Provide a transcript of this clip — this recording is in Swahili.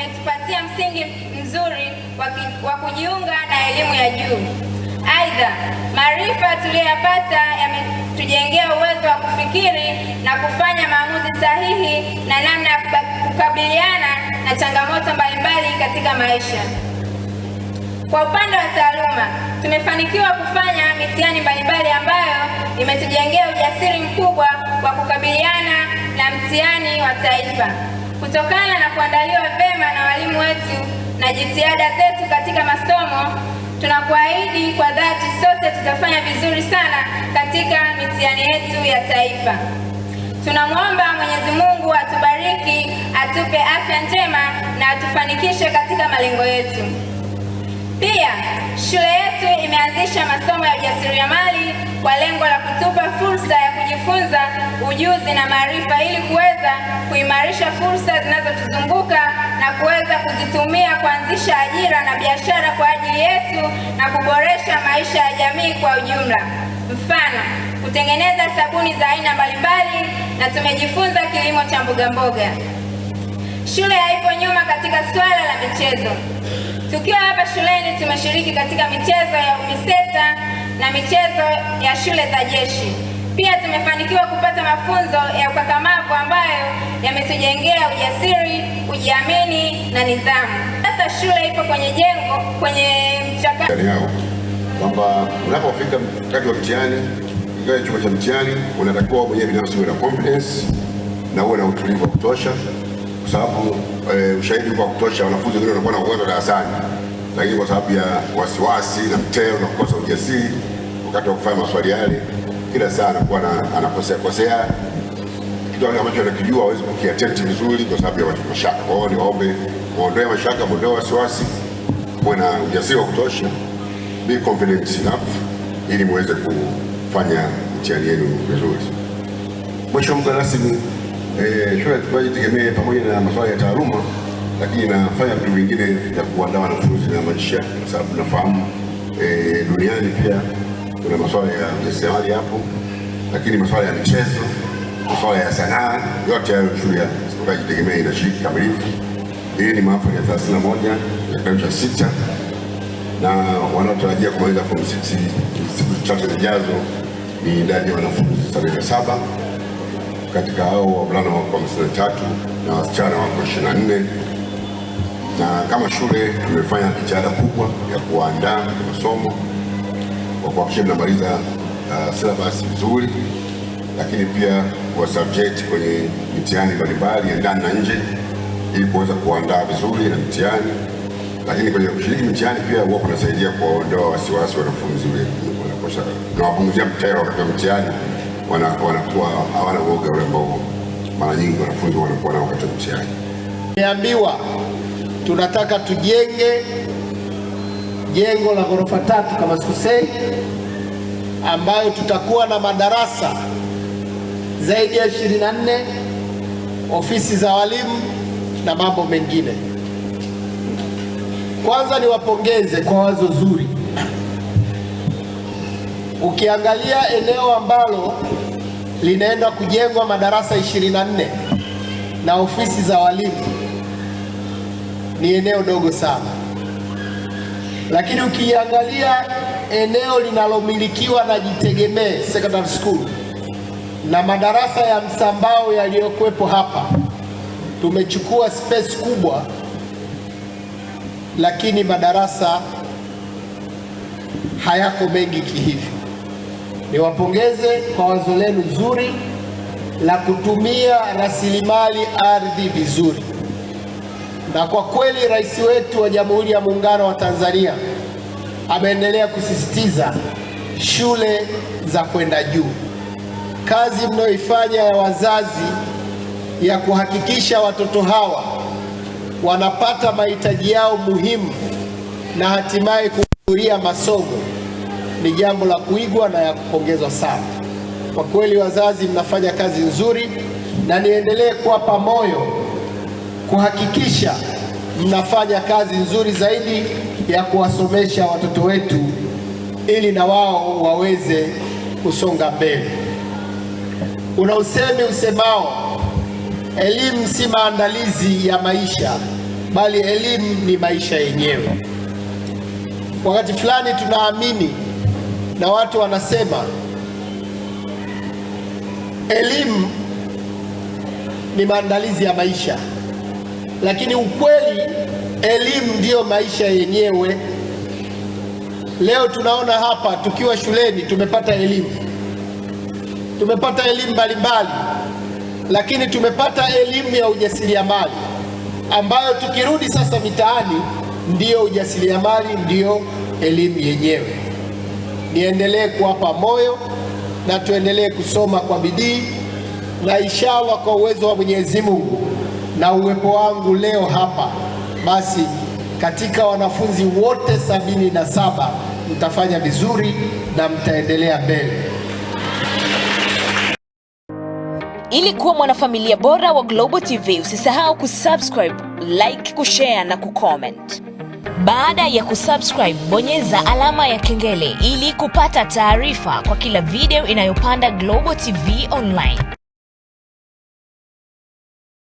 ametupatia msingi mzuri wa kujiunga na elimu ya juu. Aidha, maarifa tuliyoyapata yametujengea uwezo wa kufikiri na kufanya maamuzi sahihi na namna ya kukabiliana na changamoto mbalimbali katika maisha. Kwa upande wa taaluma, tumefanikiwa kufanya mitihani mbalimbali ambayo imetujengea ujasiri mkubwa wa kukabiliana na mtihani wa taifa. Kutokana na kuandaliwa vema na walimu wetu na jitihada zetu katika masomo, tunakuahidi kwa dhati sote tutafanya vizuri sana katika mitihani yetu ya taifa. Tunamwomba Mwenyezi Mungu atubariki, atupe afya njema na atufanikishe katika malengo yetu. Pia shule yetu imeanzisha masomo ya ujasiriamali kwa lengo kujifunza ujuzi na maarifa ili kuweza kuimarisha fursa zinazotuzunguka na kuweza kuzitumia kuanzisha ajira na biashara kwa ajili yetu na kuboresha maisha ya jamii kwa ujumla. Mfano, kutengeneza sabuni za aina mbalimbali na tumejifunza kilimo cha mbogamboga. Shule haipo nyuma katika swala la michezo. Tukiwa hapa shuleni tumeshiriki katika michezo ya UMISETA na michezo ya shule za jeshi. Pia tumefanikiwa kupata mafunzo ya ukakamavu ambayo yametujengea ujasiri, kujiamini na nidhamu. Sasa shule ipo kwenye jengo, kwenye mchakato kwamba unapofika wakati wa mtihani, ingawa chumba cha mtihani, unatakiwa mwenyewe binafsi uwe na confidence na uwe na utulivu wa kutosha, kwa sababu e, ushahidi wa kutosha, wanafunzi wengine wanakuwa na uwezo darasani, lakini kwa sababu ya wasiwasi na mteo na kukosa ujasiri wakati wa kufanya maswali yale, kila saa anakuwa anakosea kosea kitu ambacho anakijua hawezi kukiatenti vizuri kwa sababu ya mashaka. Kwa hiyo niwaombe muondoe mashaka, muondoe wasiwasi, muwe na ujasiri wa kutosha, be confident enough ili muweze kufanya mtihani yenu vizuri. Mwisho mgeni rasmi, eh, shule tunajitegemea pamoja na masuala ya taaluma, lakini nafanya vitu vingine vya kuandaa wanafunzi na maisha, kwa sababu nafahamu eh, duniani pia kuna masuala ya ujasiriamali hapo, lakini masuala ya michezo, masuala ya sanaa, yote hayo shule ya sekondari Jitegemea inashiriki kikamilifu. Hii ni mahafali ya moja ya kidato cha sita na wanaotarajia kumaliza form 6 siku chache zijazo ni idadi ya wanafunzi saba katika hao wavulana wako hamsini na wasichana wako 24. Na kama shule tumefanya jitihada kubwa ya kuwaandaa masomo kwa kuhakikisha mnamaliza uh, syllabus vizuri, lakini pia kwa subject kwenye mitihani mbalimbali ya ndani na nje, ili kuweza kuandaa vizuri na mitihani. Lakini kwenye kushiriki mitihani pia huwa kunasaidia kuwaondoa wasiwasi wanafunzi na wapunguzia mtero katika mtihani, wanakuwa hawana uoga ule ambao mara nyingi wanafunzi wanakuwa nao katika mtihani. Niambiwa tunataka tujenge jengo la ghorofa tatu kama sikosei, ambayo tutakuwa na madarasa zaidi ya 24, ofisi za walimu na mambo mengine. Kwanza niwapongeze kwa wazo zuri. Ukiangalia eneo ambalo linaenda kujengwa madarasa 24 na ofisi za walimu ni eneo dogo sana. Lakini ukiangalia eneo linalomilikiwa na Jitegemee Secondary School na madarasa ya Msambao yaliyokuwepo hapa, tumechukua space kubwa, lakini madarasa hayako mengi kihivyo. Niwapongeze kwa wazo lenu zuri la kutumia rasilimali ardhi vizuri. Na kwa kweli rais wetu wa Jamhuri ya Muungano wa Tanzania ameendelea kusisitiza shule za kwenda juu. Kazi mnayoifanya ya wazazi ya kuhakikisha watoto hawa wanapata mahitaji yao muhimu na hatimaye kuhudhuria masomo ni jambo la kuigwa na ya kupongezwa sana. Kwa kweli, wazazi mnafanya kazi nzuri, na niendelee kuwapa moyo kuhakikisha mnafanya kazi nzuri zaidi ya kuwasomesha watoto wetu ili na wao waweze kusonga mbele. Kuna usemi usemao, elimu si maandalizi ya maisha, bali elimu ni maisha yenyewe. Wakati fulani tunaamini na watu wanasema elimu ni maandalizi ya maisha lakini ukweli, elimu ndiyo maisha yenyewe. Leo tunaona hapa tukiwa shuleni tumepata elimu, tumepata elimu mbalimbali, lakini tumepata elimu ya ujasiriamali ambayo tukirudi sasa mitaani ndiyo ujasiriamali, ndiyo elimu yenyewe. Niendelee kuwapa moyo na tuendelee kusoma kwa bidii na inshallah kwa uwezo wa Mwenyezi Mungu na uwepo wangu leo hapa, basi katika wanafunzi wote sabini na saba mtafanya vizuri na mtaendelea mbele. Ili kuwa mwanafamilia bora wa Global TV, usisahau kusubscribe, like, kushare na kucomment. Baada ya kusubscribe, bonyeza alama ya kengele ili kupata taarifa kwa kila video inayopanda Global TV Online.